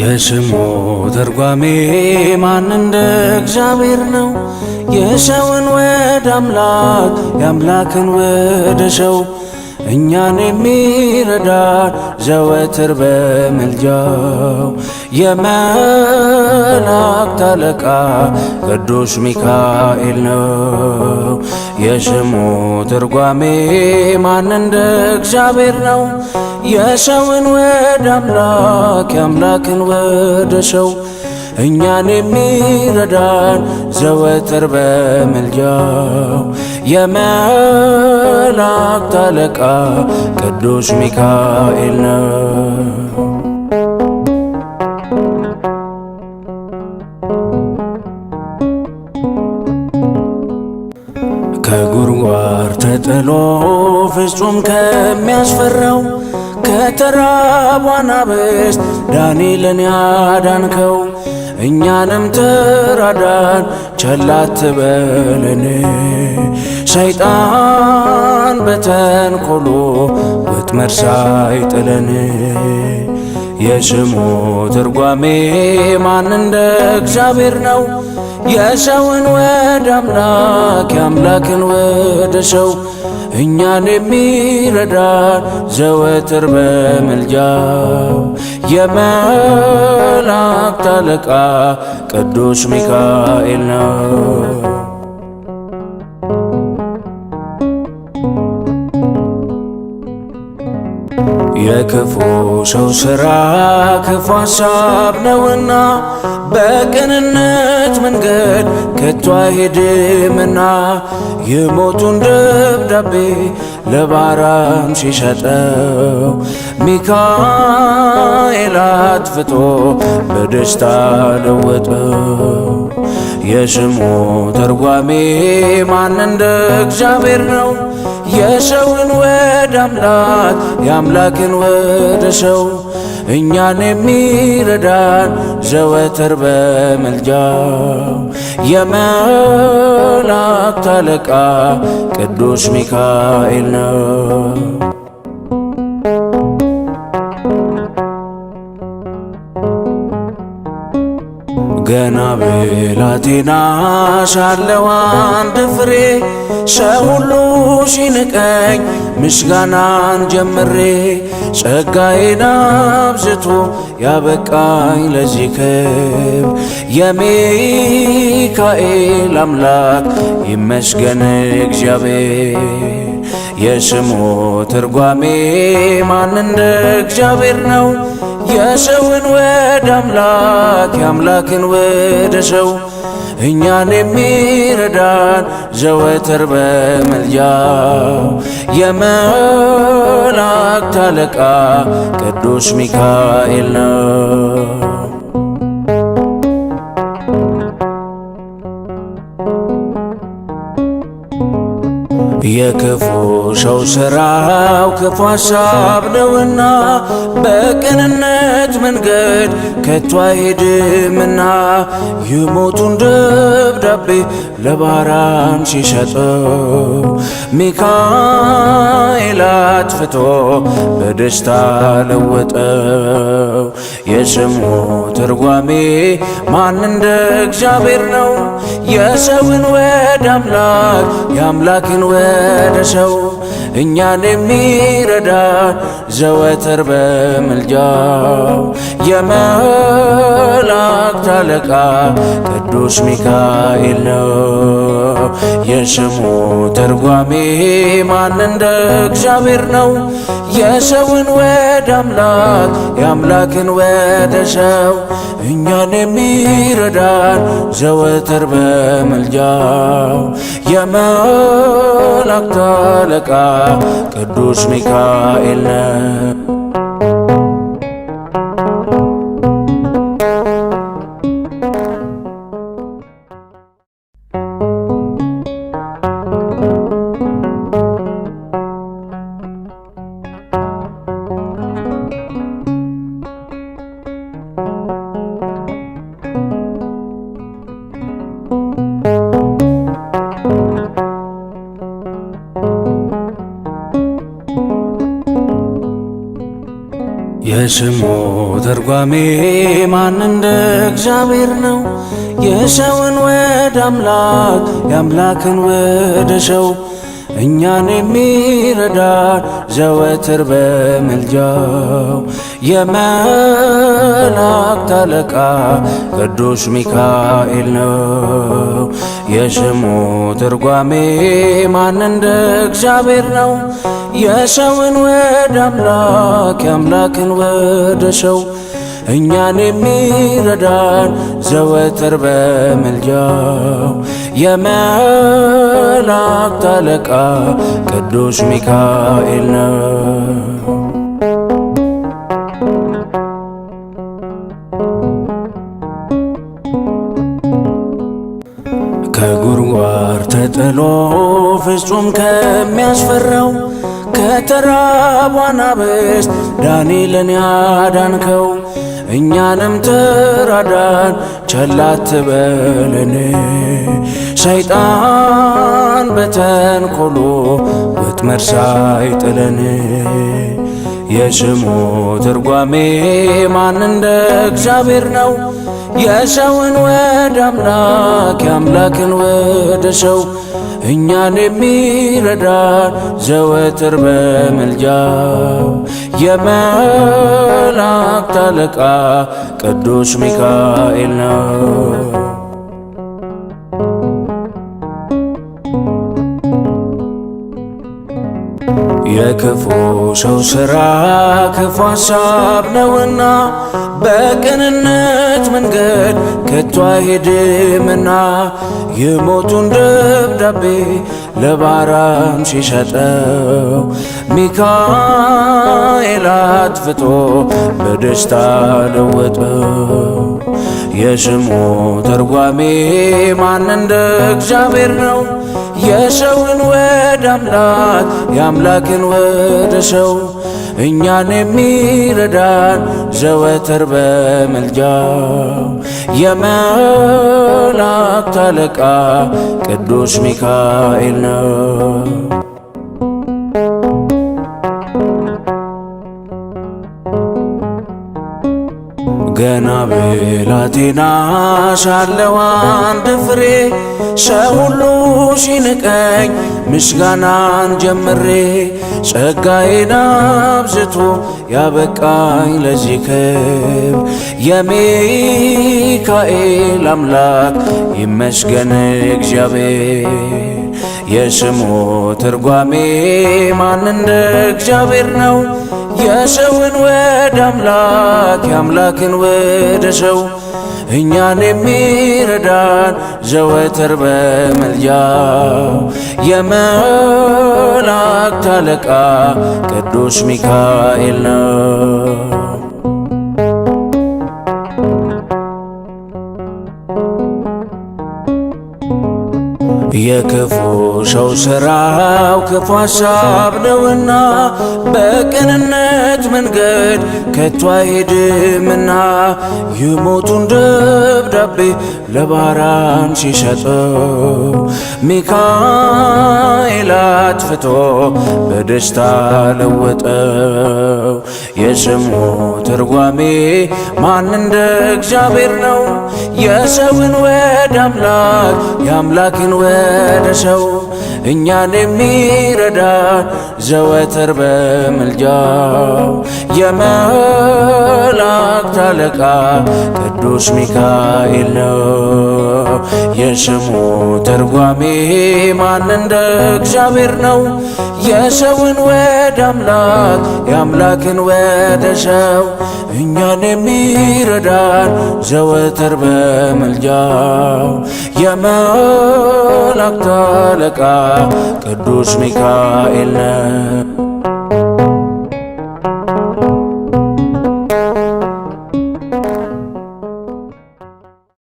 የስሙ ተርጓሜ ማን እንደ እግዚአብሔር ነው? የሰውን ወደ አምላክ የአምላክን ወደ ሰው እኛን የሚረዳን ዘወትር በምልጃው የመላእክት አለቃ ቅዱስ ሚካኤል ነው። የስሙ ትርጓሜ ማን እንደ እግዚአብሔር ነው። የሰውን ወደ አምላክ የአምላክን ወደ ሰው እኛን የሚረዳን ዘወትር በምልጃው የመላእክት አለቃ ቅዱስ ሚካኤል ነው። ከጉርጓር ተጥሎ ፍጹም ከሚያስፈራው ከተራቧን አብስት ዳንኤልን ያዳንከው እኛንም ተራዳን ቸላት አትበለን ሰይጣን በተንኮሎ ወጥመድ ሳይጥለን የስሙ ትርጓሜ ማን እንደ እግዚአብሔር ነው የሰውን ወደ አምላክ የአምላክን ወደ ሰው እኛን የሚረዳን ዘወትር በምልጃው የመላእክት አለቃ ቅዱስ ሚካኤል ነው። የክፉ ሰው ሥራ ክፉ ሐሳብ ነውና በቅንነት መንገድ ከቶ አይሄድምና የሞቱን ደብዳቤ ለባራም ሲሸጠው ሚካኤል አጥፍቶ በደስታ ለወጠው። የስሙ ተርጓሜ ማን እንደ እግዚአብሔር ነው? የሰውን ወደ አምላክ የአምላክን ወደ ሰው እኛን የሚረዳን ዘወትር በምልጃው የመላእክት አለቃ ቅዱስ ሚካኤል ነው። ናሻለው አንድ ፍሬ ሰው ሁሉ ሲንቀኝ ምስጋናን ጀምሬ ጸጋዬን አብዝቶ ያበቃኝ ለዚህ ክብር የሚካኤል አምላክ ይመስገን እግዚአብሔር። የስሙ ትርጓሜ ማን እንደ እግዚአብሔር ነው። የሰውን ወደ አምላክ የአምላክን ወደ ሰው እኛን የሚረዳን ዘወትር በመልጃ የመላእክት አለቃ ቅዱስ ሚካኤል ነው። የክፉ ሰው ስራው ክፉ ሀሳብ ነውና በቅንነት መንገድ ከቶ አይሄድምና የሞቱን ደብዳቤ ለባራን ሲሰጠው ሚካኤል አጥፍቶ በደስታ ለወጠ። የስሙ ትርጓሜ ማን እንደ እግዚአብሔር ነው? የሰውን ወደ አምላክ የአምላክን ወደ ሰው እኛን የሚረዳ! ዘወትር በምልጃው የመላእክት አለቃ ቅዱስ ሚካኤል ነው የስሙ ተርጓሜ ማን እንደ እግዚአብሔር ነው። የሰውን ወደ አምላክ የአምላክን ወደ ሰው እኛን የሚረዳን ዘወትር በምልጃው የመላእክት አለቃ ቅዱስ ሚካኤል ነው። love. የስሙ ተርጓሜ ማን እንደ እግዚአብሔር ነው? የሰውን ወደ አምላክ የአምላክን ወደ ሰው እኛን የሚረዳን ዘወትር በምልጃው የመላእክት አለቃ ቅዱስ ሚካኤል ነው። የስሙ ትርጓሜ ማን እንደ እግዚአብሔር ነው። የሰውን ወደ አምላክ የአምላክን ወደ ሰው እኛን የሚረዳን ዘወትር በምልጃው የመላእክት አለቃ ቅዱስ ሚካኤል ነው። ከጉርጓር ተጥሎ ፍጹም ከሚያስፈራው ከተራቧን አብስት ዳንኤልን ያዳንከው እኛንም ተራዳን ቸላት አትበለን ሰይጣን በተንኮሎ ወጥመድ ሳይጥለን የስሙ ትርጓሜ ማን እንደ እግዚአብሔር ነው የሰውን ወደ አምላክ የአምላክን ወደ ሰው እኛን የሚረዳን ዘወትር በምልጃው የመላእክት አለቃ ቅዱስ ሚካኤል ነው። የክፉ ሰው ሥራ ክፉ ሐሳብ ነውና በቅንነት መንገድ ከቶ አይሄድምና የሞቱን ደብዳቤ ለባራም ሲሸጠው ሚካኤል አጥፍቶ በደስታ ለወጠው። የስሙ ተርጓሜ ማን እንደ እግዚአብሔር ነው? የሰውን ወደ አምላክ የአምላክን ወደ ሰው እኛን የሚረዳን ዘወትር በምልጃው የመላእክት አለቃ ቅዱስ ሚካኤል ነው። ገና ብላቴና ሳለሁ አንድ ፍሬ ሰው ሁሉ ሲንቀኝ ምስጋናን ጀምሬ ጸጋዬን አብዝቶ ያበቃኝ ለዚህ ክብር የሚካኤል አምላክ ይመስገን እግዚአብሔር። የስሙ ትርጓሜ ማን እንደ እግዚአብሔር ነው። የሰውን ወደ አምላክ የአምላክን ወደ ሰው እኛን የሚረዳን ዘወትር በመልጃው የመላእክት አለቃ ቅዱስ ሚካኤል ነው። የክፉ ሰው ሥራው ክፉ ሐሳብ ነውና በቅንነት መንገድ ከቶ አይሄድምና የሞቱን ደብዳቤ ለባራን ሲሰጠው ሚካ አጥፍቶ በደስታ ለወጠው። የስሙ ትርጓሜ ማን እንደ እግዚአብሔር ነው? የሰውን ወደ አምላክ የአምላክን ወደ ሰው እኛን የሚረዳን ዘወትር በምልጃው የመላእክት አለቃ ቅዱስ ሚካኤል ነው። የስሙ ተርጓሜ ማን እንደ እግዚአብሔር ነው። የሰውን ወደ አምላክ የአምላክን ወደ ሰው እኛን የሚረዳን ዘወትር በምልጃው የመላእክት አለቃ ቅዱስ ሚካኤል ነው።